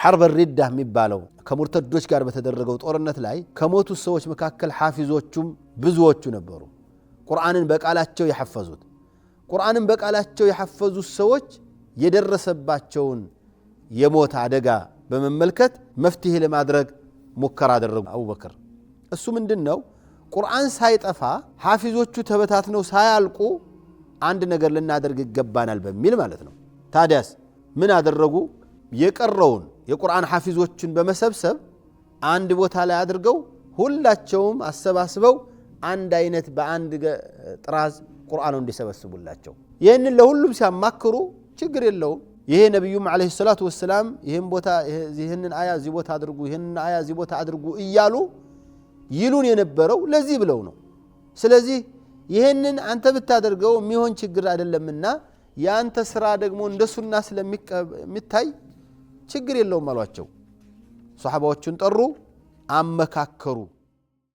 ሐርበ ሪዳ የሚባለው ከሙርተዶች ጋር በተደረገው ጦርነት ላይ ከሞቱ ሰዎች መካከል ሐፊዞቹም ብዙዎቹ ነበሩ። ቁርአንን በቃላቸው የሐፈዙት ቁርአንን በቃላቸው የሐፈዙት ሰዎች የደረሰባቸውን የሞት አደጋ በመመልከት መፍትሄ ለማድረግ ሙከራ አደረጉ። አቡበክር እሱ ምንድን ነው? ቁርአን ሳይጠፋ ሐፊዞቹ ተበታትነው ሳያልቁ አንድ ነገር ልናደርግ ይገባናል በሚል ማለት ነው። ታዲያስ ምን አደረጉ? የቀረውን የቁርአን ሐፊዞችን በመሰብሰብ አንድ ቦታ ላይ አድርገው ሁላቸውም አሰባስበው አንድ አይነት በአንድ ጥራዝ ቁርአኑ እንዲሰበስቡላቸው ይህንን ለሁሉም ሲያማክሩ ችግር የለውም። ይሄ ነቢዩም ዓለይሂ ሰላቱ ወሰላም ይህን ቦታ ይህንን አያ እዚህ ቦታ አድርጉ፣ ይህንን አያ እዚህ ቦታ አድርጉ እያሉ ይሉን የነበረው ለዚህ ብለው ነው። ስለዚህ ይህንን አንተ ብታደርገው የሚሆን ችግር አይደለምና የአንተ ስራ ደግሞ እንደ ሱና ስለሚታይ ችግር የለውም አሏቸው። ሰሓባዎቹን ጠሩ፣ አመካከሩ።